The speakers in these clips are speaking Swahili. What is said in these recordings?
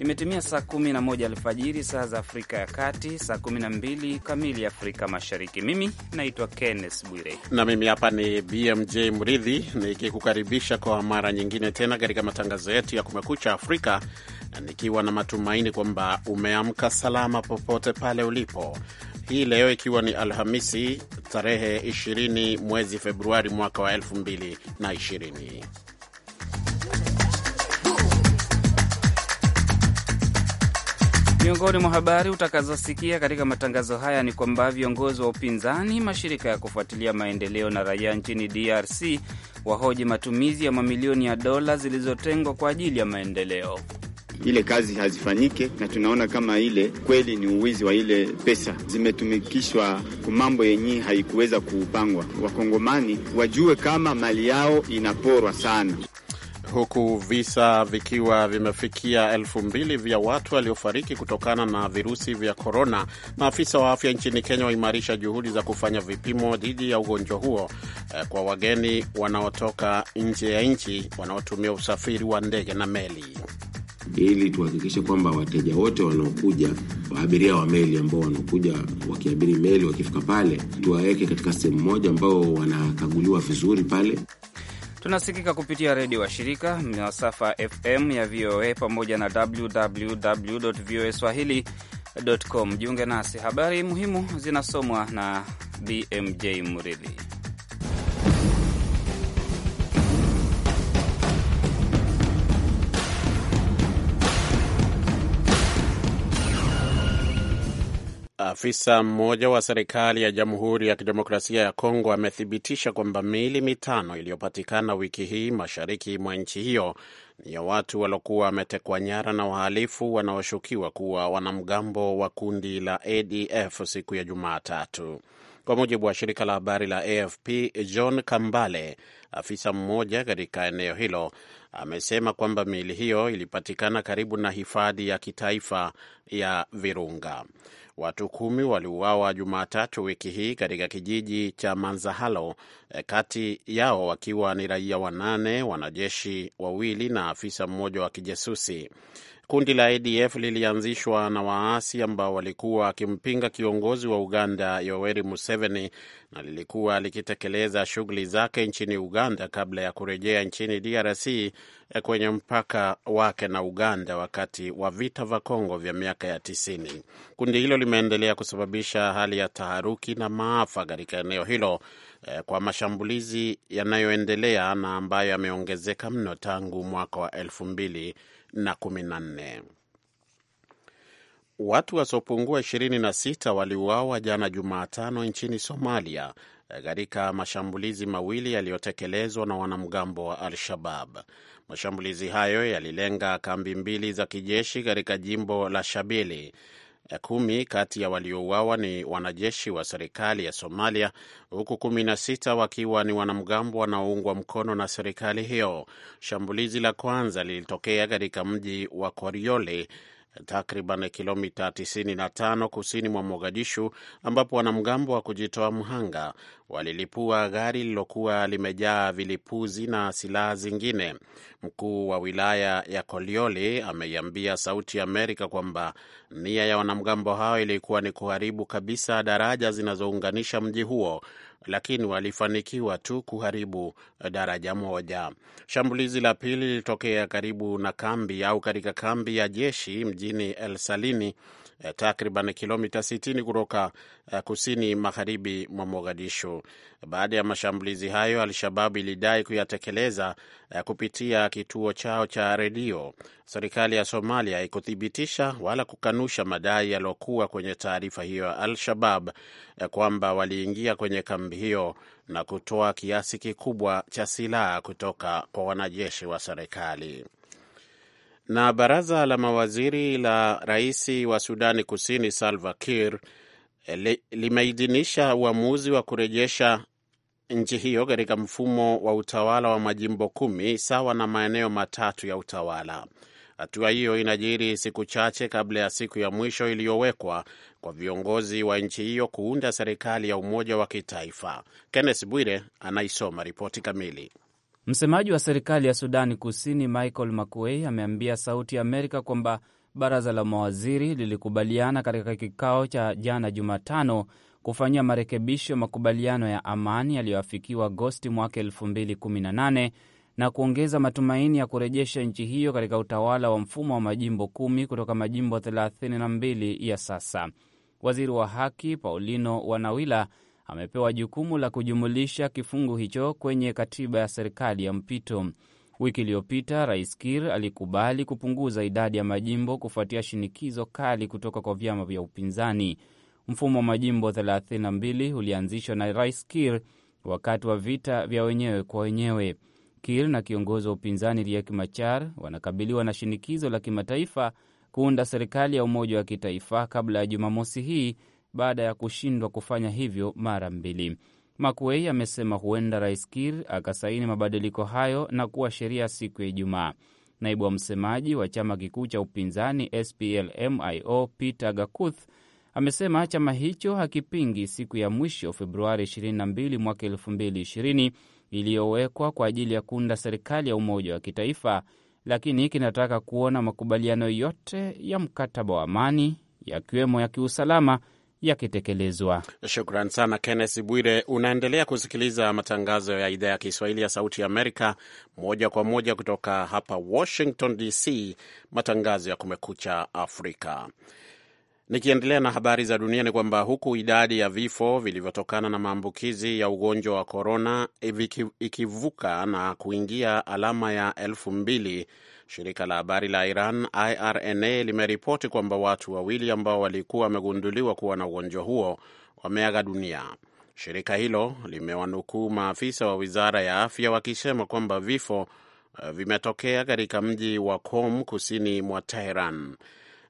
Imetimia saa 11 alfajiri saa za Afrika ya Kati, saa 12 kamili Afrika Mashariki. Mimi naitwa Kenneth Bwire na mimi hapa ni BMJ Mridhi nikikukaribisha kwa mara nyingine tena katika matangazo yetu ya Kumekucha Afrika, nikiwa na matumaini kwamba umeamka salama popote pale ulipo. Hii leo ikiwa ni Alhamisi tarehe 20 mwezi Februari mwaka wa 2020. Miongoni mwa habari utakazosikia katika matangazo haya ni kwamba viongozi wa upinzani, mashirika ya kufuatilia maendeleo na raia nchini DRC wahoji matumizi ya mamilioni ya dola zilizotengwa kwa ajili ya maendeleo. Ile kazi hazifanyike na tunaona kama ile kweli ni uwizi wa ile pesa, zimetumikishwa kwa mambo yenye haikuweza kupangwa. Wakongomani wajue kama mali yao inaporwa sana huku visa vikiwa vimefikia elfu mbili vya watu waliofariki kutokana na virusi vya korona. Maafisa wa afya nchini Kenya waimarisha juhudi za kufanya vipimo dhidi ya ugonjwa huo eh, kwa wageni wanaotoka nje ya nchi wanaotumia usafiri wa ndege na meli ili tuhakikishe kwamba wateja wote wanaokuja, waabiria wa meli ambao wanaokuja wakiabiri meli, wakifika pale tuwaweke katika sehemu moja ambao wanakaguliwa vizuri pale. Tunasikika kupitia redio wa shirika masafa FM ya VOA pamoja na www voa swahili.com. Jiunge nasi, habari muhimu zinasomwa na BMJ Muridhi. Afisa mmoja wa serikali ya Jamhuri ya Kidemokrasia ya Kongo amethibitisha kwamba miili mitano iliyopatikana wiki hii mashariki mwa nchi hiyo ni ya watu waliokuwa wametekwa nyara na wahalifu wanaoshukiwa kuwa wanamgambo wa kundi la ADF siku ya Jumatatu. Kwa mujibu wa shirika la habari la AFP, John Kambale, afisa mmoja katika eneo hilo, amesema kwamba miili hiyo ilipatikana karibu na hifadhi ya kitaifa ya Virunga. Watu kumi waliuawa Jumatatu wiki hii katika kijiji cha Manzahalo, eh, kati yao wakiwa ni raia wanane, wanajeshi wawili na afisa mmoja wa kijasusi. Kundi la ADF lilianzishwa na waasi ambao walikuwa wakimpinga kiongozi wa Uganda Yoweri Museveni na lilikuwa likitekeleza shughuli zake nchini Uganda kabla ya kurejea nchini DRC eh, kwenye mpaka wake na Uganda wakati wa vita vya Kongo vya miaka ya tisini. Kundi hilo limeendelea kusababisha hali ya taharuki na maafa katika eneo hilo eh, kwa mashambulizi yanayoendelea na ambayo yameongezeka mno tangu mwaka wa elfu mbili na nne. Watu wasiopungua 26 waliuawa jana Jumatano nchini Somalia eh, katika mashambulizi mawili yaliyotekelezwa na wanamgambo wa Al-Shabab. Mashambulizi hayo yalilenga kambi mbili za kijeshi katika jimbo la Shabili Eh, kumi kati ya waliouawa ni wanajeshi wa serikali ya Somalia, huku kumi na sita wakiwa ni wanamgambo wanaoungwa mkono na serikali hiyo. Shambulizi la kwanza lilitokea katika mji wa Koriole takriban kilomita 95 kusini mwa Mogadishu, ambapo wanamgambo wa kujitoa mhanga walilipua gari lililokuwa limejaa vilipuzi na silaha zingine. Mkuu wa wilaya ya Kolioli ameiambia Sauti ya Amerika kwamba nia ya wanamgambo hao ilikuwa ni kuharibu kabisa daraja zinazounganisha mji huo lakini walifanikiwa tu kuharibu eh, daraja moja. Shambulizi la pili lilitokea karibu na kambi au katika kambi ya jeshi mjini El Salini eh, takriban kilomita 60 kutoka eh, kusini magharibi mwa Mogadishu. Baada ya mashambulizi hayo, al shabab ilidai kuyatekeleza eh, kupitia kituo chao cha redio. Serikali ya Somalia haikuthibitisha wala kukanusha madai yaliokuwa kwenye taarifa hiyo ya Al-Shabab eh, kwamba waliingia kwenye kambi hiyo na kutoa kiasi kikubwa cha silaha kutoka kwa wanajeshi wa serikali. Na baraza la mawaziri la rais wa Sudani Kusini Salva Kiir limeidhinisha uamuzi wa kurejesha nchi hiyo katika mfumo wa utawala wa majimbo kumi sawa na maeneo matatu ya utawala. Hatua hiyo inajiri siku chache kabla ya siku ya mwisho iliyowekwa kwa viongozi wa nchi hiyo kuunda serikali ya umoja wa kitaifa. Kenneth Bwire anaisoma ripoti kamili. Msemaji wa serikali ya Sudani Kusini Michael Makuei ameambia Sauti ya Amerika kwamba baraza la mawaziri lilikubaliana katika kikao cha jana Jumatano kufanyia marekebisho makubaliano ya amani yaliyoafikiwa Agosti mwaka 2018 na kuongeza matumaini ya kurejesha nchi hiyo katika utawala wa mfumo wa majimbo kumi kutoka majimbo 32 ya sasa. Waziri wa haki Paulino Wanawila amepewa jukumu la kujumulisha kifungu hicho kwenye katiba ya serikali ya mpito. Wiki iliyopita Rais kir alikubali kupunguza idadi ya majimbo kufuatia shinikizo kali kutoka kwa vyama vya upinzani. Mfumo wa majimbo 32 ulianzishwa na Rais kir wakati wa vita vya wenyewe kwa wenyewe. kir na kiongozi wa upinzani Riek Machar wanakabiliwa na shinikizo la kimataifa kuunda serikali ya umoja wa kitaifa kabla ya Jumamosi hii baada ya kushindwa kufanya hivyo mara mbili. Makuei amesema huenda Rais kir akasaini mabadiliko hayo na kuwa sheria siku ya Ijumaa. Naibu wa msemaji wa chama kikuu cha upinzani splmio Peter Gakuth amesema chama hicho hakipingi siku ya mwisho Februari 22 mwaka 2020 iliyowekwa kwa ajili ya kuunda serikali ya umoja wa kitaifa, lakini kinataka kuona makubaliano yote ya mkataba wa amani yakiwemo ya kiusalama yakitekelezwa. Shukran sana Kenneth Bwire. Unaendelea kusikiliza matangazo ya idhaa ya Kiswahili ya Sauti ya Amerika moja kwa moja kutoka hapa Washington DC, matangazo ya Kumekucha Afrika. Nikiendelea na habari za dunia ni kwamba huku idadi ya vifo vilivyotokana na maambukizi ya ugonjwa wa korona eh, ikivuka na kuingia alama ya elfu mbili Shirika la habari la Iran IRNA limeripoti kwamba watu wawili ambao walikuwa wamegunduliwa kuwa na ugonjwa huo wameaga dunia. Shirika hilo limewanukuu maafisa wa wizara ya afya wakisema kwamba vifo eh, vimetokea katika mji wa Qom kusini mwa Teheran.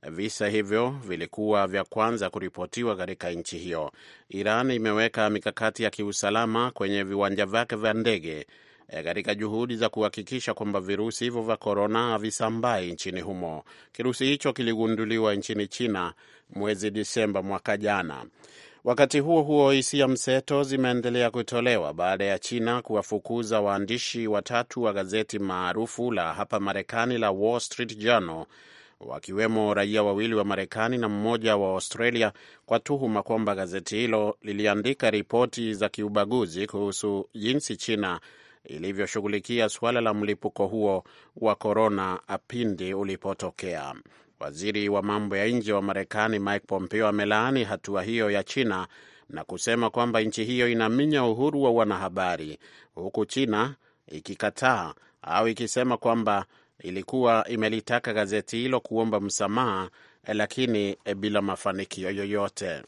Visa hivyo vilikuwa vya kwanza kuripotiwa katika nchi hiyo. Iran imeweka mikakati ya kiusalama kwenye viwanja vyake vya ndege E, katika juhudi za kuhakikisha kwamba virusi hivyo vya korona havisambai nchini humo. Kirusi hicho kiligunduliwa nchini China mwezi Disemba mwaka jana. Wakati huo huo, hisia mseto zimeendelea kutolewa baada ya China kuwafukuza waandishi watatu wa gazeti maarufu la hapa Marekani la Wall Street Journal wakiwemo raia wawili wa Marekani na mmoja wa Australia kwa tuhuma kwamba gazeti hilo liliandika ripoti za kiubaguzi kuhusu jinsi China ilivyoshughulikia suala la mlipuko huo wa korona pindi ulipotokea. Waziri wa mambo ya nje wa Marekani Mike Pompeo amelaani hatua hiyo ya China na kusema kwamba nchi hiyo inaminya uhuru wa wanahabari, huku China ikikataa au ikisema kwamba ilikuwa imelitaka gazeti hilo kuomba msamaha, lakini bila mafanikio yoyote.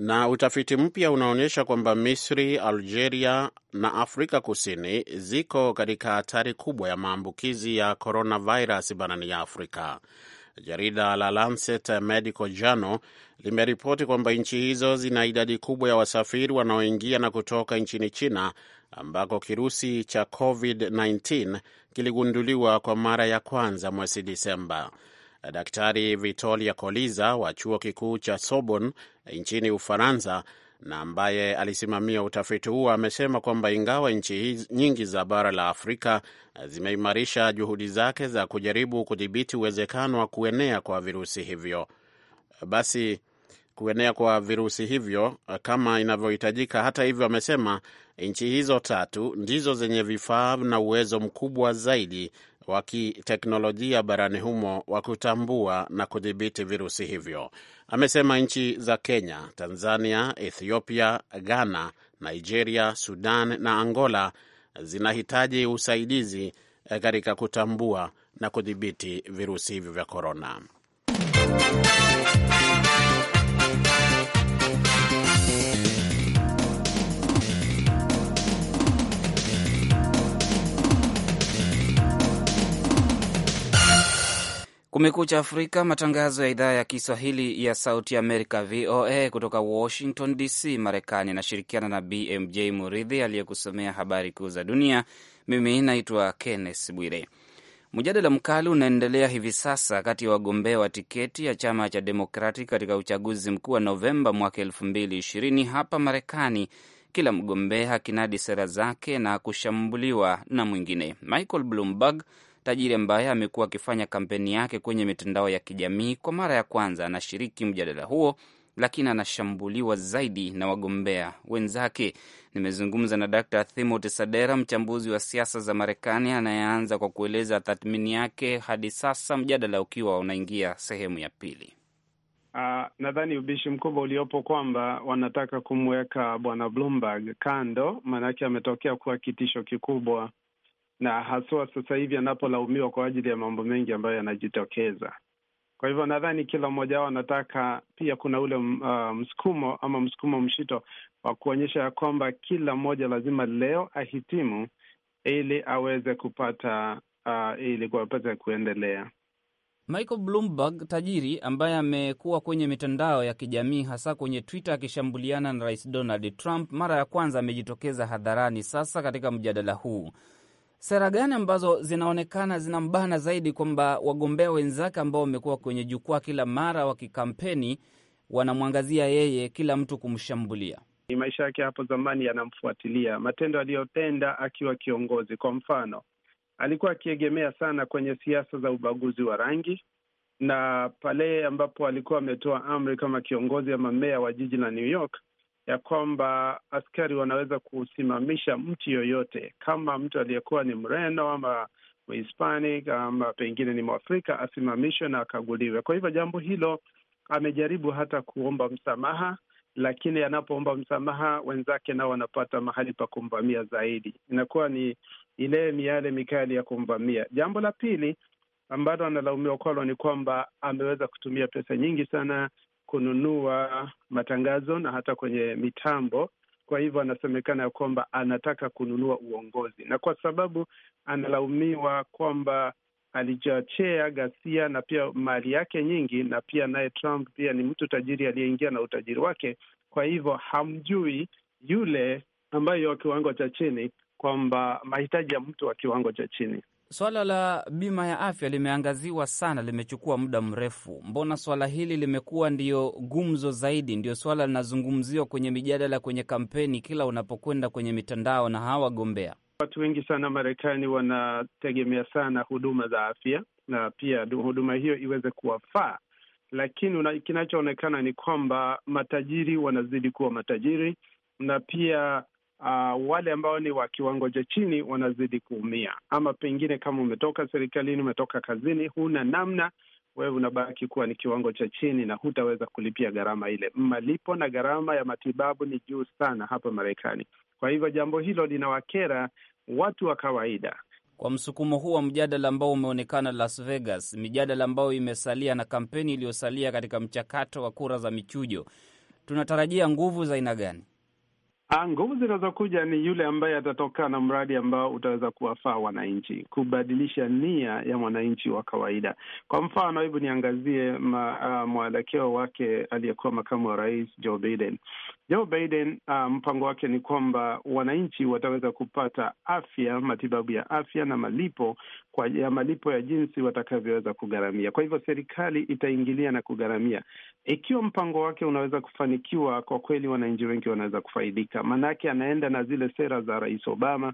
Na utafiti mpya unaonyesha kwamba Misri, Algeria na Afrika Kusini ziko katika hatari kubwa ya maambukizi ya coronavirus barani ya Afrika. Jarida la Lancet Medical Journal limeripoti kwamba nchi hizo zina idadi kubwa ya wasafiri wanaoingia na kutoka nchini China ambako kirusi cha COVID-19 kiligunduliwa kwa mara ya kwanza mwezi Disemba. Daktari Vitoria Koliza wa chuo kikuu cha Sorbonne eh, nchini Ufaransa na ambaye alisimamia utafiti huo amesema kwamba ingawa nchi nyingi za bara la Afrika eh, zimeimarisha juhudi zake za kujaribu kudhibiti uwezekano wa kuenea kwa virusi hivyo, basi kuenea kwa virusi hivyo eh, kama inavyohitajika. Hata hivyo, amesema nchi hizo tatu ndizo zenye vifaa na uwezo mkubwa zaidi wa kiteknolojia barani humo wa kutambua na kudhibiti virusi hivyo. Amesema nchi za Kenya, Tanzania, Ethiopia, Ghana, Nigeria, Sudan na Angola zinahitaji usaidizi eh, katika kutambua na kudhibiti virusi hivyo vya korona. Kumekucha Afrika, matangazo ya idhaa ya Kiswahili ya Sauti Amerika, VOA kutoka Washington DC, Marekani. Nashirikiana na BMJ Muridhi aliyekusomea habari kuu za dunia. Mimi naitwa Kenneth Bwire. Mjadala mkali unaendelea hivi sasa kati ya wagombea wa tiketi ya chama cha Demokrati katika uchaguzi mkuu wa Novemba mwaka elfu mbili ishirini hapa Marekani, kila mgombea akinadi sera zake na kushambuliwa na mwingine. Michael Bloomberg tajiri ambaye amekuwa akifanya kampeni yake kwenye mitandao ya kijamii. Kwa mara ya kwanza anashiriki mjadala huo, lakini anashambuliwa zaidi na wagombea wenzake. Nimezungumza na Dr Timothy Sadera, mchambuzi wa siasa za Marekani, anayeanza kwa kueleza tathmini yake hadi sasa, mjadala ukiwa unaingia sehemu ya pili. Uh, nadhani ubishi mkubwa uliopo kwamba wanataka kumweka bwana Bloomberg kando, maanake ametokea kuwa kitisho kikubwa na haswa sasa hivi anapolaumiwa kwa ajili ya mambo mengi ambayo yanajitokeza. Kwa hivyo nadhani kila mmoja wao anataka pia, kuna ule uh, msukumo ama msukumo mshito wa kuonyesha ya kwamba kila mmoja lazima leo ahitimu ili aweze kupata uh, ili kuwapata kuendelea. Michael Bloomberg, tajiri ambaye amekuwa kwenye mitandao ya kijamii hasa kwenye Twitter akishambuliana na Rais Donald Trump, mara ya kwanza amejitokeza hadharani sasa katika mjadala huu sera gani ambazo zinaonekana zinambana zaidi kwamba wagombea wenzake ambao wamekuwa kwenye jukwaa kila mara wakikampeni wanamwangazia yeye, kila mtu kumshambulia? Ni maisha yake hapo zamani yanamfuatilia, matendo aliyotenda akiwa kiongozi. Kwa mfano, alikuwa akiegemea sana kwenye siasa za ubaguzi wa rangi, na pale ambapo alikuwa ametoa amri kama kiongozi ama meya wa jiji la New York ya kwamba askari wanaweza kusimamisha mtu yoyote, kama mtu aliyekuwa ni Mreno ama Mhispanic ama pengine ni Mwafrika asimamishwe na akaguliwe. Kwa hivyo jambo hilo amejaribu hata kuomba msamaha, lakini anapoomba msamaha wenzake nao wanapata mahali pa kumvamia zaidi, inakuwa ni ile miale mikali ya kumvamia. Jambo la pili ambalo analaumiwa kwalo ni kwamba ameweza kutumia pesa nyingi sana kununua matangazo na hata kwenye mitambo. Kwa hivyo anasemekana ya kwamba anataka kununua uongozi, na kwa sababu analaumiwa kwamba alichochea ghasia na pia mali yake nyingi, na pia naye Trump pia ni mtu tajiri aliyeingia na utajiri wake. Kwa hivyo hamjui yule ambayo wa kiwango cha chini, kwamba mahitaji ya mtu wa kiwango cha chini Swala la bima ya afya limeangaziwa sana, limechukua muda mrefu. Mbona swala hili limekuwa ndiyo gumzo zaidi, ndio swala linazungumziwa kwenye mijadala, kwenye kampeni, kila unapokwenda kwenye mitandao na hawa wagombea? Watu wengi sana Marekani wanategemea sana huduma za afya, na pia huduma hiyo iweze kuwafaa, lakini kinachoonekana ni kwamba matajiri wanazidi kuwa matajiri na pia uh, wale ambao ni wa kiwango cha chini wanazidi kuumia, ama pengine kama umetoka serikalini, umetoka kazini, huna namna wewe unabaki kuwa ni kiwango cha chini na hutaweza kulipia gharama ile. Malipo na gharama ya matibabu ni juu sana hapa Marekani. Kwa hivyo jambo hilo linawakera watu wa kawaida. Kwa msukumo huu wa mjadala ambao umeonekana Las Vegas, mijadala ambayo imesalia na kampeni iliyosalia katika mchakato wa kura za michujo, tunatarajia nguvu za aina gani? Ah, nguvu zinazokuja ni yule ambaye atatoka na mradi ambao utaweza kuwafaa wananchi, kubadilisha nia ya mwananchi wa kawaida. Kwa mfano, hebu niangazie ah, mwelekeo wake aliyekuwa makamu wa rais Joe Biden. Joe Biden uh, mpango wake ni kwamba wananchi wataweza kupata afya, matibabu ya afya na malipo kwa ya malipo ya jinsi watakavyoweza kugharamia. Kwa hivyo serikali itaingilia na kugharamia ikiwa mpango wake unaweza kufanikiwa. Kwa kweli, wananchi wengi wanaweza kufaidika, maanake anaenda na zile sera za Rais Obama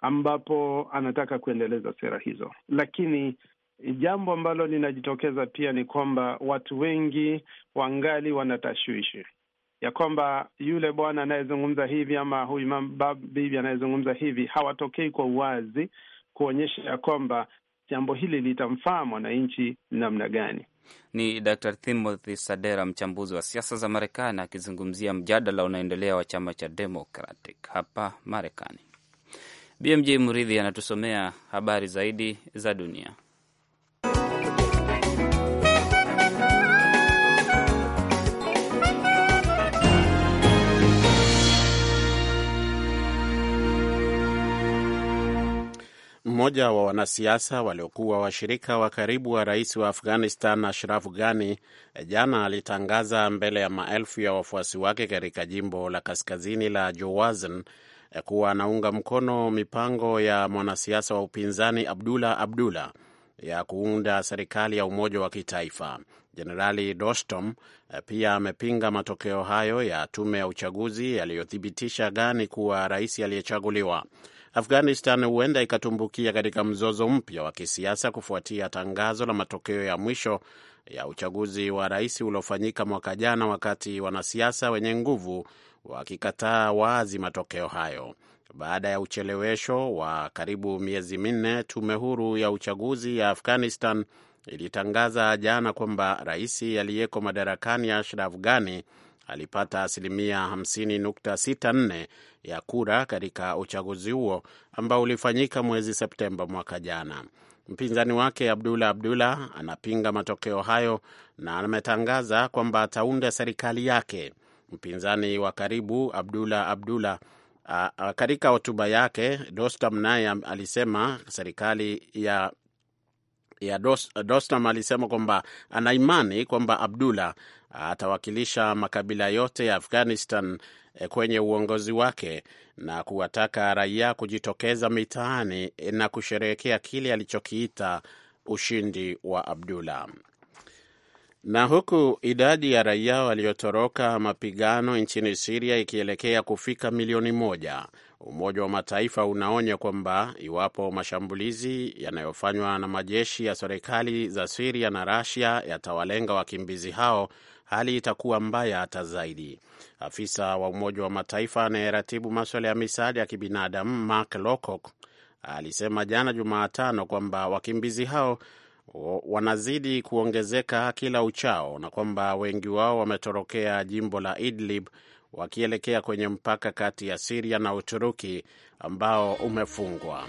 ambapo anataka kuendeleza sera hizo, lakini jambo ambalo linajitokeza pia ni kwamba watu wengi wangali wanatashwishi ya kwamba yule bwana anayezungumza hivi ama huyu bibi anayezungumza hivi hawatokei kwa uwazi kuonyesha ya kwamba jambo hili litamfaa mwananchi namna gani. Ni Dr Timothy Sadera, mchambuzi wa siasa za Marekani, akizungumzia mjadala unaendelea wa chama cha Democratic hapa Marekani. BMJ Mridhi anatusomea habari zaidi za dunia. mmoja wa wanasiasa waliokuwa washirika wa karibu wa rais wa Afghanistan Ashraf Ghani jana alitangaza mbele ya maelfu ya wafuasi wake katika jimbo la kaskazini la Jowazan eh, kuwa anaunga mkono mipango ya mwanasiasa wa upinzani Abdullah Abdullah ya kuunda serikali ya umoja wa kitaifa. Jenerali Dostom eh, pia amepinga matokeo hayo ya tume ya uchaguzi yaliyothibitisha Ghani kuwa rais aliyechaguliwa. Afghanistan huenda ikatumbukia katika mzozo mpya wa kisiasa kufuatia tangazo la matokeo ya mwisho ya uchaguzi wa rais uliofanyika mwaka jana, wakati wanasiasa wenye nguvu wakikataa wazi matokeo hayo. Baada ya uchelewesho wa karibu miezi minne, tume huru ya uchaguzi ya Afghanistan ilitangaza jana kwamba rais aliyeko madarakani Ashraf Ghani alipata asilimia 50.64 ya kura katika uchaguzi huo ambao ulifanyika mwezi Septemba mwaka jana. Mpinzani wake Abdullah Abdullah anapinga matokeo hayo na ametangaza kwamba ataunda serikali yake. Mpinzani wa karibu Abdullah Abdullah katika hotuba yake dostam naye alisema serikali ya ya Dostum alisema kwamba ana imani kwamba Abdullah atawakilisha makabila yote ya Afghanistan Eh, kwenye uongozi wake na kuwataka raia kujitokeza mitaani na kusherehekea kile alichokiita ushindi wa Abdullah. Na huku idadi ya raia waliotoroka mapigano nchini Siria ikielekea kufika milioni moja, Umoja wa Mataifa unaonya kwamba iwapo mashambulizi yanayofanywa na majeshi ya serikali za Siria na Rasia yatawalenga wakimbizi hao hali itakuwa mbaya hata zaidi. Afisa wa Umoja wa Mataifa anayeratibu maswala ya misaada ya kibinadamu Mark Lowcock alisema jana Jumatano kwamba wakimbizi hao wanazidi kuongezeka kila uchao na kwamba wengi wao wametorokea jimbo la Idlib wakielekea kwenye mpaka kati ya Siria na Uturuki ambao umefungwa.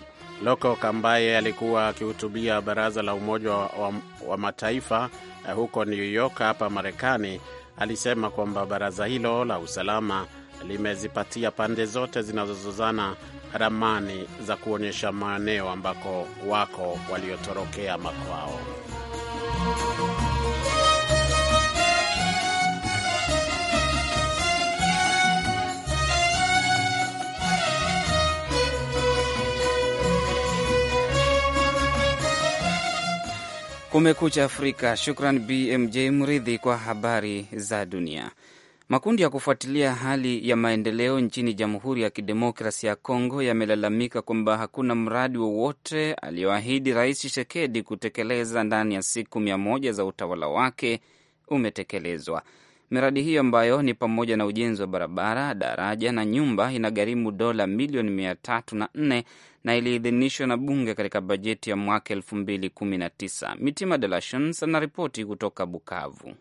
Lokok ambaye alikuwa akihutubia baraza la Umoja wa, wa Mataifa eh, huko New York hapa Marekani alisema kwamba baraza hilo la usalama limezipatia pande zote zinazozozana ramani za kuonyesha maeneo ambako wako waliotorokea makwao. Kumekucha Afrika. Shukran BMJ Mridhi kwa habari za dunia. Makundi ya kufuatilia hali ya maendeleo nchini Jamhuri ya Kidemokrasi ya Kongo yamelalamika kwamba hakuna mradi wowote aliyoahidi Rais Tshisekedi kutekeleza ndani ya siku mia moja za utawala wake umetekelezwa. Miradi hiyo ambayo ni pamoja na ujenzi wa barabara, daraja na nyumba inagharimu dola milioni mia tatu na nne na iliidhinishwa na bunge katika bajeti ya mwaka elfu mbili kumi na tisa. Mitima de anaripoti kutoka Bukavu.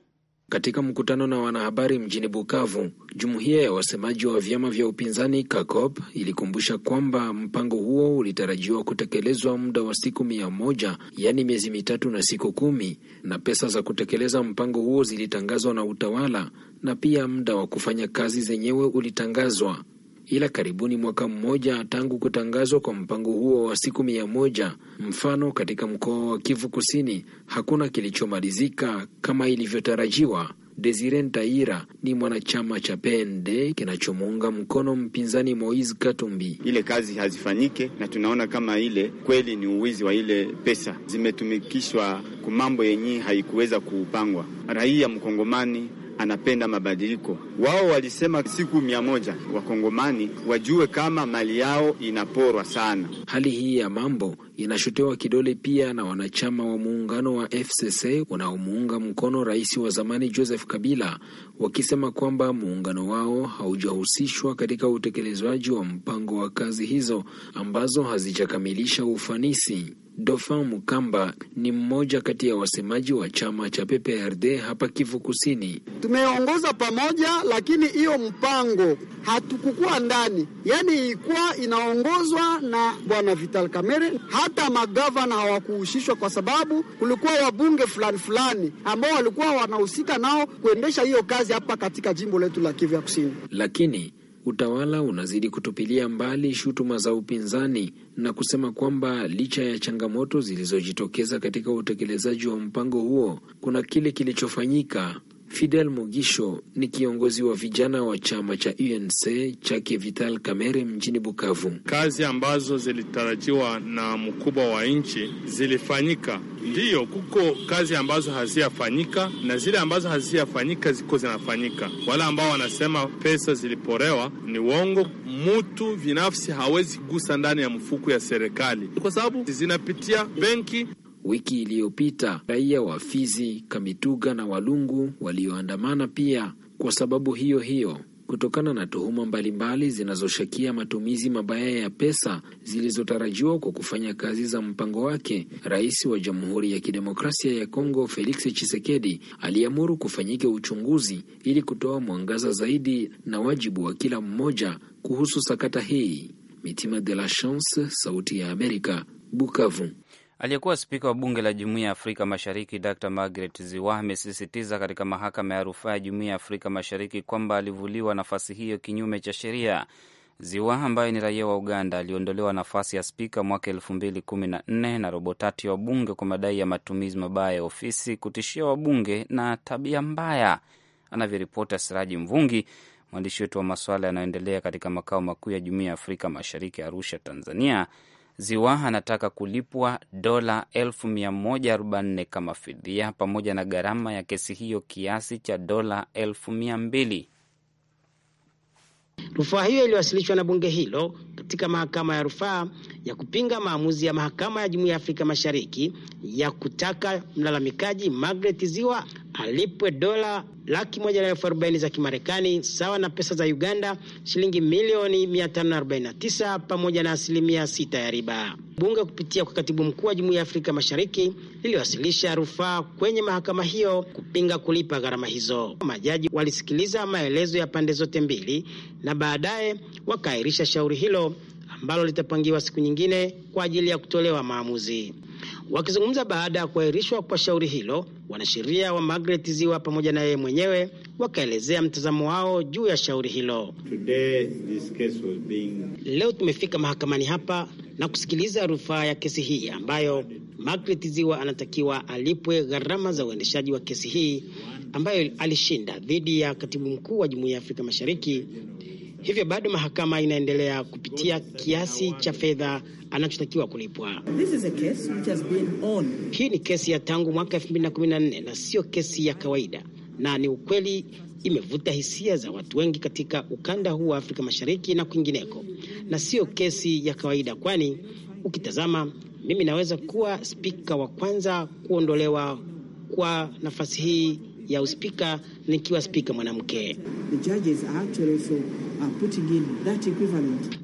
Katika mkutano na wanahabari mjini Bukavu, jumuiya ya wasemaji wa vyama vya upinzani KACOP ilikumbusha kwamba mpango huo ulitarajiwa kutekelezwa muda wa siku mia moja, yaani miezi mitatu na siku kumi, na pesa za kutekeleza mpango huo zilitangazwa na utawala na pia muda wa kufanya kazi zenyewe ulitangazwa ila karibuni mwaka mmoja tangu kutangazwa kwa mpango huo wa siku mia moja, mfano katika mkoa wa Kivu Kusini hakuna kilichomalizika kama ilivyotarajiwa. Desire Ntaira ni mwanachama cha PND kinachomuunga mkono mpinzani Moise Katumbi. Ile kazi hazifanyike na tunaona kama ile kweli ni uwizi wa ile pesa zimetumikishwa kumambo yenye haikuweza kupangwa. Raia mkongomani anapenda mabadiliko. Wao walisema siku mia moja wakongomani wajue kama mali yao inaporwa sana. Hali hii ya mambo inashotewa kidole pia na wanachama wa muungano wa FCC unaomuunga mkono rais wa zamani Joseph Kabila, wakisema kwamba muungano wao haujahusishwa katika utekelezwaji wa mpango wa kazi hizo ambazo hazijakamilisha ufanisi. dofin Mukamba ni mmoja kati ya wasemaji wa chama cha PPRD hapa Kivu Kusini. Tumeongoza pamoja, lakini hiyo mpango hatukukuwa ndani, yaani ilikuwa inaongozwa na bwana Vital Kamerhe hata magavana hawakuhusishwa kwa sababu kulikuwa wabunge fulani fulani ambao walikuwa wanahusika nao kuendesha hiyo kazi hapa katika jimbo letu la Kivu Kusini. Lakini utawala unazidi kutupilia mbali shutuma za upinzani na kusema kwamba licha ya changamoto zilizojitokeza katika utekelezaji wa mpango huo kuna kile kilichofanyika Fidel Mogisho ni kiongozi wa vijana wa chama cha UNC chake Vital Kamerhe mjini Bukavu. Kazi ambazo zilitarajiwa na mkubwa wa nchi zilifanyika, ndiyo kuko kazi ambazo haziyafanyika na zile ambazo haziyafanyika ziko zinafanyika. Wale ambao wanasema pesa ziliporewa ni uongo. Mutu binafsi hawezi gusa ndani ya mfuko ya serikali kwa sababu zinapitia benki. Wiki iliyopita raia wa Fizi, Kamituga na Walungu walioandamana pia kwa sababu hiyo hiyo kutokana na tuhuma mbalimbali zinazoshakia matumizi mabaya ya pesa zilizotarajiwa kwa kufanya kazi za mpango wake, rais wa Jamhuri ya Kidemokrasia ya Kongo Felix Tshisekedi aliamuru kufanyike uchunguzi ili kutoa mwangaza zaidi na wajibu wa kila mmoja kuhusu sakata hii. Mitima de la Chance, Sauti ya Amerika, Bukavu. Aliyekuwa spika wa bunge la jumuiya ya Afrika Mashariki Dr Margaret Ziwa amesisitiza katika mahakama ya rufaa ya jumuiya ya Afrika Mashariki kwamba alivuliwa nafasi hiyo kinyume cha sheria. Ziwa ambaye ni raia wa Uganda aliondolewa nafasi ya spika mwaka elfu mbili kumi na nne na robo tatu ya wabunge kwa madai ya matumizi mabaya ya ofisi, kutishia wabunge na tabia mbaya, anavyoripota Siraji Mvungi, mwandishi wetu wa masuala yanayoendelea katika makao makuu ya jumuiya ya Afrika Mashariki, Arusha, Tanzania. Ziwa anataka kulipwa dola 144 kama fidia pamoja na gharama ya kesi hiyo kiasi cha dola 200. Rufaa hiyo iliwasilishwa na bunge hilo katika mahakama ya rufaa ya kupinga maamuzi ya mahakama ya Jumuiya ya Afrika Mashariki ya kutaka mlalamikaji Margaret Ziwa alipwe dola laki moja na elfu arobaini za Kimarekani sawa na pesa za Uganda shilingi milioni 549 pamoja na asilimia sita ya riba. Bunge kupitia kwa katibu mkuu wa Jumuiya ya Afrika Mashariki liliwasilisha rufaa kwenye mahakama hiyo kupinga kulipa gharama hizo. Majaji walisikiliza maelezo ya pande zote mbili na baadaye wakaahirisha shauri hilo ambalo litapangiwa siku nyingine kwa ajili ya kutolewa maamuzi. Wakizungumza baada ya kuahirishwa kwa shauri hilo, wanasheria wa Magret Ziwa pamoja na yeye mwenyewe wakaelezea mtazamo wao juu ya shauri hilo. Today, this case was being... Leo tumefika mahakamani hapa na kusikiliza rufaa ya kesi hii ambayo Magret Ziwa anatakiwa alipwe gharama za uendeshaji wa kesi hii ambayo alishinda dhidi ya katibu mkuu wa Jumuiya ya Afrika Mashariki hivyo bado mahakama inaendelea kupitia kiasi cha fedha anachotakiwa kulipwa. Hii ni kesi ya tangu mwaka 2014 na siyo kesi ya kawaida, na ni ukweli imevuta hisia za watu wengi katika ukanda huu wa Afrika Mashariki na kwingineko, na siyo kesi ya kawaida, kwani ukitazama, mimi naweza kuwa spika wa kwanza kuondolewa kwa nafasi hii ya uspika nikiwa spika mwanamke. Uh,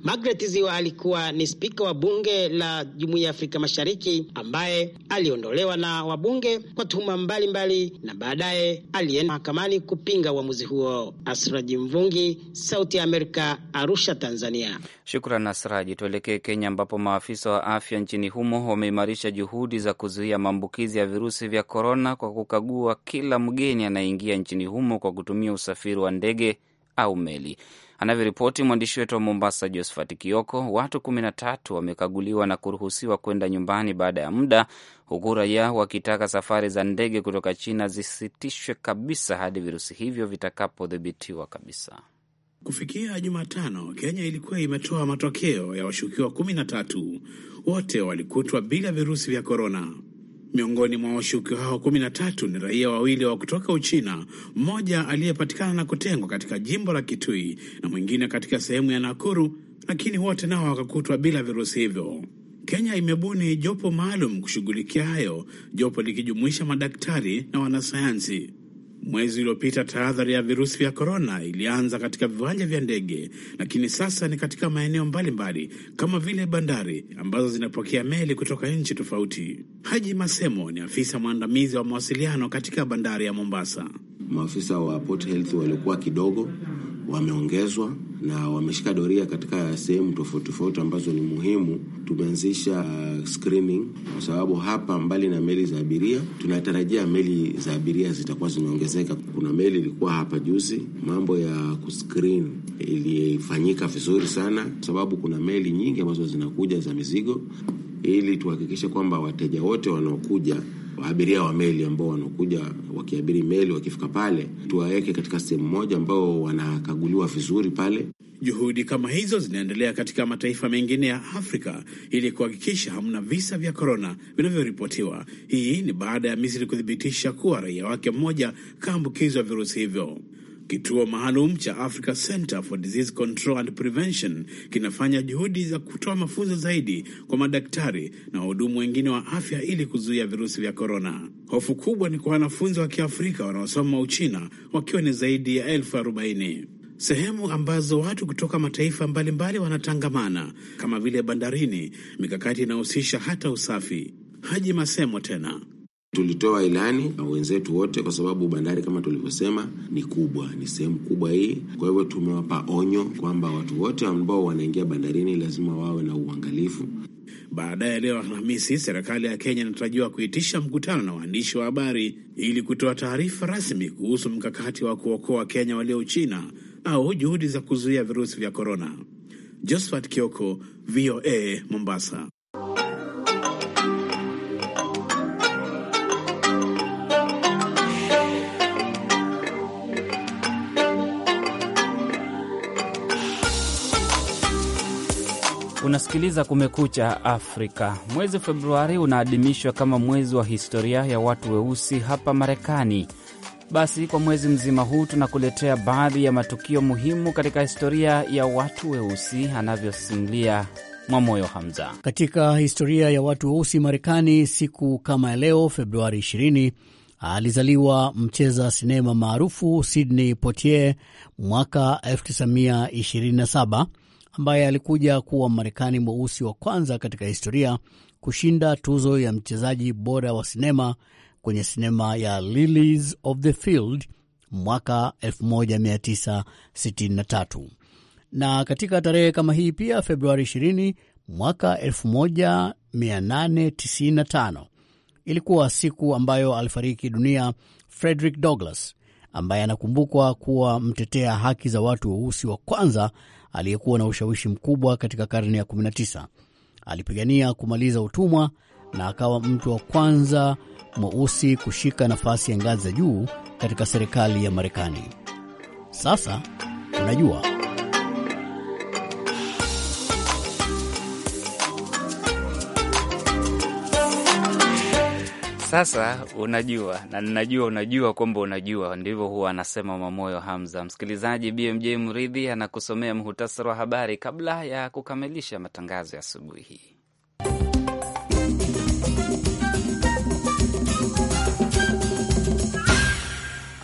Margaret Ziwa alikuwa ni spika wa bunge la Jumuiya ya Afrika Mashariki ambaye aliondolewa na wabunge kwa tuhuma mbalimbali na baadaye alienda mahakamani kupinga uamuzi huo. Asraji Mvungi, Sauti ya Amerika, Arusha, Tanzania. Shukran Asraji. Tuelekee Kenya ambapo maafisa wa afya nchini humo wameimarisha juhudi za kuzuia maambukizi ya virusi vya korona kwa kukagua kila mgeni anayeingia nchini humo kwa kutumia usafiri wa ndege au meli. Anavyoripoti mwandishi wetu wa Mombasa, Josphat Kioko. Watu kumi na tatu wamekaguliwa na kuruhusiwa kwenda nyumbani baada ya muda, huku raia wakitaka safari za ndege kutoka China zisitishwe kabisa hadi virusi hivyo vitakapodhibitiwa kabisa. Kufikia Jumatano, Kenya ilikuwa imetoa matokeo ya washukiwa kumi na tatu. Wote walikutwa bila virusi vya korona. Miongoni mwa washukiwa hao kumi na tatu ni raia wawili wa kutoka Uchina, mmoja aliyepatikana na kutengwa katika jimbo la Kitui na mwingine katika sehemu ya Nakuru, lakini wote nao wakakutwa bila virusi hivyo. Kenya imebuni jopo maalum kushughulikia hayo, jopo likijumuisha madaktari na wanasayansi. Mwezi uliopita tahadhari ya virusi vya korona ilianza katika viwanja vya ndege, lakini sasa ni katika maeneo mbalimbali kama vile bandari ambazo zinapokea meli kutoka nchi tofauti. Haji Masemo ni afisa mwandamizi wa mawasiliano katika bandari ya Mombasa. Maafisa wa Port Health walikuwa kidogo wameongezwa na wameshika doria katika sehemu tofauti tofauti ambazo ni muhimu. Tumeanzisha uh, screening kwa sababu hapa, mbali na meli za abiria, tunatarajia meli za abiria zitakuwa zimeongezeka. Kuna meli ilikuwa hapa juzi, mambo ya kuscreen ilifanyika vizuri sana, kwa sababu kuna meli nyingi ambazo zinakuja za mizigo, ili tuhakikishe kwamba wateja wote wanaokuja abiria wa meli ambao wanakuja wakiabiri meli, wakifika pale tuwaweke katika sehemu moja ambao wanakaguliwa vizuri pale. Juhudi kama hizo zinaendelea katika mataifa mengine ya Afrika ili kuhakikisha hamna visa vya korona vinavyoripotiwa. Hii ni baada ya Misri kuthibitisha kuwa raia wake mmoja kaambukizwa virusi hivyo. Kituo maalum cha Africa Center for Disease Control and Prevention kinafanya juhudi za kutoa mafunzo zaidi kwa madaktari na wahudumu wengine wa afya ili kuzuia virusi vya korona. Hofu kubwa ni kwa wanafunzi wa Kiafrika wanaosoma Uchina, wakiwa ni zaidi ya elfu arobaini sehemu ambazo watu kutoka mataifa mbalimbali mbali wanatangamana kama vile bandarini, mikakati inahusisha hata usafi. Haji Masemo tena Tulitoa ilani na wenzetu wote, kwa sababu bandari kama tulivyosema ni kubwa, ni sehemu kubwa hii. Kwa hivyo tumewapa onyo kwamba watu wote ambao wanaingia bandarini lazima wawe na uangalifu. Baadaye leo Alhamisi, serikali ya Kenya inatarajiwa kuitisha mkutano na waandishi wa habari ili kutoa taarifa rasmi kuhusu mkakati wa kuokoa kenya walio Uchina au juhudi za kuzuia virusi vya korona. Josephat Kioko, VOA, Mombasa. Unasikiliza Kumekucha Afrika. Mwezi Februari unaadhimishwa kama mwezi wa historia ya watu weusi hapa Marekani. Basi kwa mwezi mzima huu tunakuletea baadhi ya matukio muhimu katika historia ya watu weusi, anavyosimulia Mwamoyo Hamza. Katika historia ya watu weusi Marekani, siku kama ya leo Februari 20 alizaliwa mcheza sinema maarufu sydney potier mwaka 927 ambaye alikuja kuwa Marekani mweusi wa kwanza katika historia kushinda tuzo ya mchezaji bora wa sinema kwenye sinema ya Lilies of the Field mwaka 1963 na katika tarehe kama hii pia Februari 20 mwaka 1895 ilikuwa siku ambayo alifariki dunia Frederick Douglass ambaye anakumbukwa kuwa mtetea haki za watu weusi wa kwanza aliyekuwa na ushawishi mkubwa katika karne ya 19. Alipigania kumaliza utumwa na akawa mtu wa kwanza mweusi kushika nafasi ya ngazi za juu katika serikali ya Marekani. Sasa unajua Sasa unajua na ninajua, unajua kwamba unajua. Ndivyo huwa anasema mamoyo Hamza. Msikilizaji, BMJ Mridhi anakusomea muhutasari wa habari kabla ya kukamilisha matangazo ya asubuhi hii.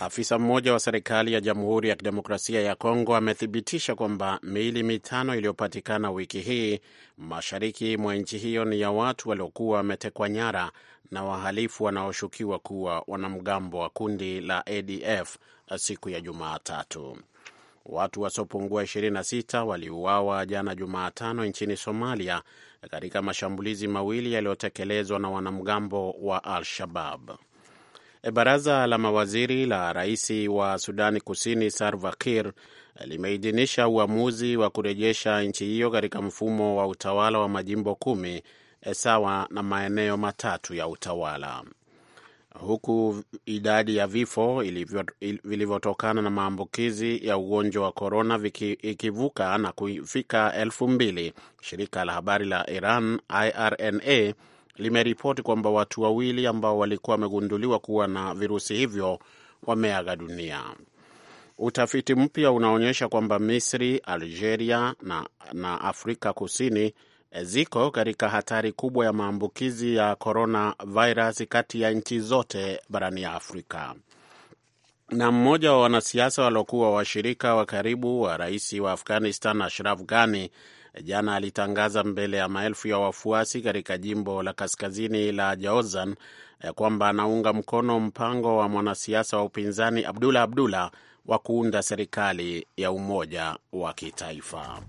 Afisa mmoja wa serikali ya Jamhuri ya Kidemokrasia ya Kongo amethibitisha kwamba miili mitano iliyopatikana wiki hii mashariki mwa nchi hiyo ni ya watu waliokuwa wametekwa nyara na wahalifu wanaoshukiwa kuwa wanamgambo wa kundi la ADF siku ya Jumatatu. Watu wasiopungua 26 waliuawa jana Jumatano nchini Somalia katika mashambulizi mawili yaliyotekelezwa na wanamgambo wa Al-Shabab. Eh, baraza la mawaziri la rais wa Sudani Kusini Salva Kiir limeidhinisha uamuzi wa kurejesha nchi hiyo katika mfumo wa utawala wa majimbo kumi eh, sawa na maeneo matatu ya utawala, huku idadi ya vifo vilivyotokana na maambukizi ya ugonjwa wa korona ikivuka na kufika elfu mbili. Shirika la habari la Iran IRNA limeripoti kwamba watu wawili ambao walikuwa wamegunduliwa kuwa na virusi hivyo wameaga dunia. Utafiti mpya unaonyesha kwamba Misri, Algeria na, na Afrika Kusini ziko katika hatari kubwa ya maambukizi ya corona virus kati ya nchi zote barani ya Afrika. Na mmoja wa wanasiasa waliokuwa washirika wa karibu wa rais wa Afghanistan Ashraf Ghani Eh, jana alitangaza mbele ya maelfu ya wafuasi katika jimbo la kaskazini la Jaozan eh, kwamba anaunga mkono mpango wa mwanasiasa wa upinzani Abdullah Abdullah wa kuunda serikali ya umoja wa kitaifa.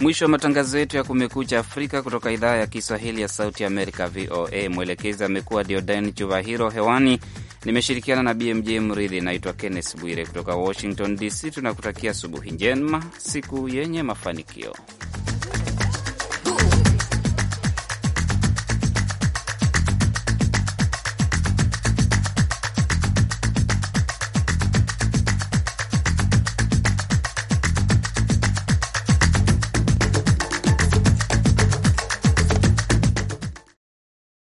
Mwisho wa matangazo yetu ya Kumekucha Afrika kutoka idhaa ya Kiswahili ya Sauti Amerika, VOA. Mwelekezi amekuwa Diodan Chuvahiro. Hewani nimeshirikiana na BMJ Mridhi. Naitwa Kenneth Bwire kutoka Washington DC. Tunakutakia subuhi njema, siku yenye mafanikio.